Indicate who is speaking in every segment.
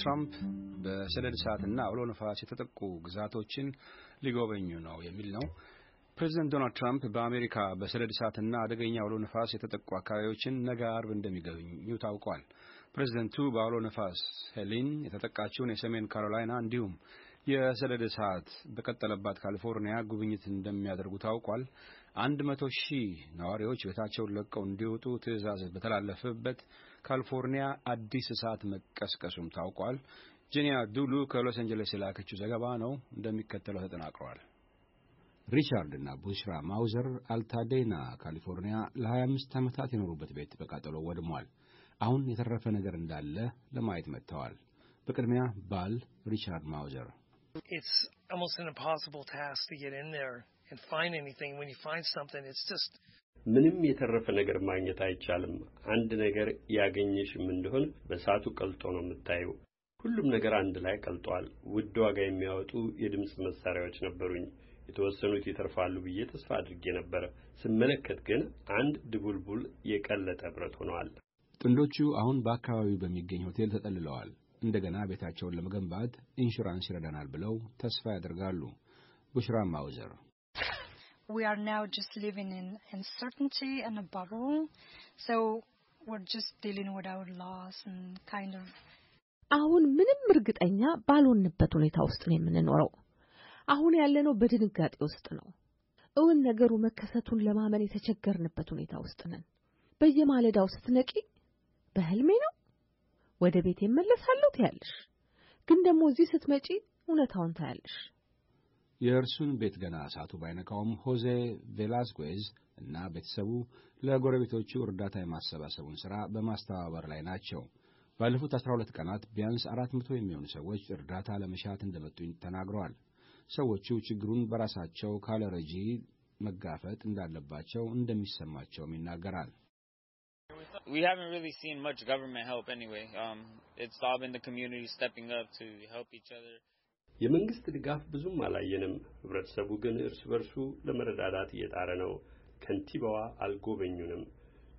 Speaker 1: ትራምፕ በሰደድ እሳትና አውሎ ነፋስ የተጠቁ ግዛቶችን ሊጎበኙ ነው የሚል ነው። ፕሬዚደንት ዶናልድ ትራምፕ በአሜሪካ በሰደድ እሳትና አደገኛ አውሎ ነፋስ የተጠቁ አካባቢዎችን ነገ አርብ እንደሚገኙ ታውቋል። ፕሬዚደንቱ በአውሎ ነፋስ ሄሊን የተጠቃችውን የሰሜን ካሮላይና እንዲሁም የሰደድ እሳት በቀጠለባት ካሊፎርኒያ ጉብኝት እንደሚያደርጉ ታውቋል። አንድ መቶ ሺህ ነዋሪዎች ቤታቸውን ለቀው እንዲወጡ ትዕዛዝ በተላለፈበት ካሊፎርኒያ አዲስ እሳት መቀስቀሱም ታውቋል። ጂኒያ ዱሉ ከሎስ አንጀለስ የላከችው ዘገባ ነው እንደሚከተለው ተጠናቅሯል። ሪቻርድ እና ቡሽራ ማውዘር አልታዴና ካሊፎርኒያ ለ25 ዓመታት የኖሩበት ቤት በቃጠሎ ወድሟል። አሁን የተረፈ ነገር እንዳለ ለማየት መጥተዋል። በቅድሚያ ባል ሪቻርድ ማውዘር
Speaker 2: It's almost an impossible task to get in there and find anything. When you find something, it's just
Speaker 1: ምንም የተረፈ ነገር
Speaker 2: ማግኘት አይቻልም። አንድ ነገር ያገኘሽም እንደሆን በእሳቱ ቀልጦ ነው የምታየው። ሁሉም ነገር አንድ ላይ ቀልጧል። ውድ ዋጋ የሚያወጡ የድምፅ መሳሪያዎች ነበሩኝ። የተወሰኑት ይተርፋሉ ብዬ ተስፋ አድርጌ ነበር። ስመለከት ግን አንድ ድቡልቡል የቀለጠ ብረት ሆኗል።
Speaker 1: ጥንዶቹ አሁን በአካባቢው በሚገኝ ሆቴል ተጠልለዋል። እንደገና ቤታቸውን ለመገንባት ኢንሹራንስ ይረዳናል ብለው ተስፋ ያደርጋሉ። ቡሽራ ማውዘር We are now just living in uncertainty and a bubble. So we're just dealing with our loss and kind of አሁን
Speaker 2: ምንም እርግጠኛ ባልሆንበት ሁኔታ ውስጥ ነው የምንኖረው። አሁን ያለነው በድንጋጤ ውስጥ ነው። እውን ነገሩ መከሰቱን ለማመን የተቸገርንበት ሁኔታ ውስጥ ነን። በየማለዳው ስትነቂ በህልሜ ነው ወደ ቤቴ እመለሳለሁ ትያለሽ፣ ግን ደግሞ እዚህ ስትመጪ እውነታውን ታያለሽ።
Speaker 1: የእርሱን ቤት ገና እሳቱ ባይነካውም ሆዜ ቬላስኩዌዝ እና ቤተሰቡ ለጎረቤቶቹ እርዳታ የማሰባሰቡን ሥራ በማስተባበር ላይ ናቸው። ባለፉት 12 ቀናት ቢያንስ አራት መቶ የሚሆኑ ሰዎች እርዳታ ለመሻት እንደመጡ ተናግረዋል። ሰዎቹ ችግሩን በራሳቸው ካለረጂ መጋፈጥ እንዳለባቸው እንደሚሰማቸውም ይናገራል።
Speaker 2: We haven't really seen much government help anyway. Um, it's all been the community stepping up to help each other. የመንግስት ድጋፍ ብዙም አላየንም። ህብረተሰቡ ግን እርስ በርሱ ለመረዳዳት እየጣረ ነው። ከንቲባዋ አልጎበኙንም።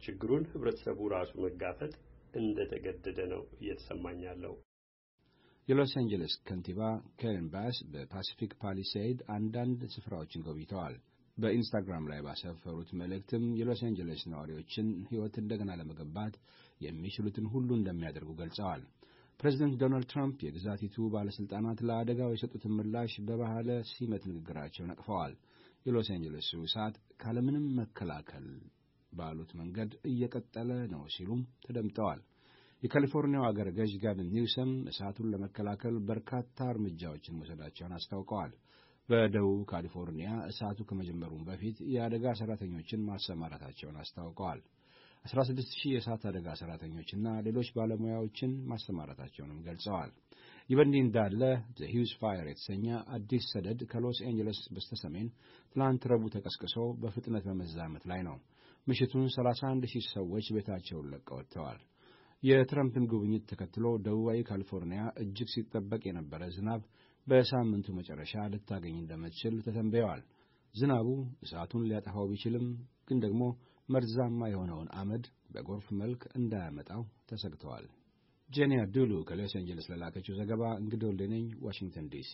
Speaker 2: ችግሩን ህብረተሰቡ ራሱ መጋፈጥ እንደተገደደ ነው እየተሰማኛለሁ።
Speaker 1: የሎስ አንጀለስ ከንቲባ ከረን ባስ በፓሲፊክ ፓሊሴድ አንዳንድ ስፍራዎችን ጎብኝተዋል። በኢንስታግራም ላይ ባሰፈሩት መልእክትም የሎስ አንጀለስ ነዋሪዎችን ሕይወት እንደገና ለመገንባት የሚችሉትን ሁሉ እንደሚያደርጉ ገልጸዋል። ፕሬዚደንት ዶናልድ ትራምፕ የግዛቲቱ ባለሥልጣናት ለአደጋው የሰጡትን ምላሽ በባህለ ሲመት ንግግራቸው ነቅፈዋል። የሎስ አንጀለሱ እሳት ካለምንም መከላከል ባሉት መንገድ እየቀጠለ ነው ሲሉም ተደምጠዋል። የካሊፎርኒያው አገረ ገዥ ጋቪን ኒውሰም እሳቱን ለመከላከል በርካታ እርምጃዎችን መውሰዳቸውን አስታውቀዋል። በደቡብ ካሊፎርኒያ እሳቱ ከመጀመሩም በፊት የአደጋ ሰራተኞችን ማሰማራታቸውን አስታውቀዋል። 16,000 የእሳት አደጋ ሰራተኞችና ሌሎች ባለሙያዎችን ማሰማራታቸውንም ገልጸዋል። ይህ በእንዲህ እንዳለ ዘ ሂውዝ ፋየር የተሰኘ አዲስ ሰደድ ከሎስ ኤንጀለስ በስተሰሜን ትላንት ረቡዕ ተቀስቅሶ በፍጥነት በመዛመት ላይ ነው። ምሽቱን 31 ሺህ ሰዎች ቤታቸውን ለቀው ወጥተዋል። የትረምፕን ጉብኝት ተከትሎ ደቡባዊ ካሊፎርኒያ እጅግ ሲጠበቅ የነበረ ዝናብ በሳምንቱ መጨረሻ ልታገኝ እንደምትችል ተተንበየዋል። ዝናቡ እሳቱን ሊያጠፋው ቢችልም ግን ደግሞ መርዛማ የሆነውን አመድ በጎርፍ መልክ እንዳያመጣው ተሰግተዋል። ጄኒያ ዱሉ ከሎስ አንጀለስ ለላከችው ዘገባ እንግዶልነኝ ዋሽንግተን ዲሲ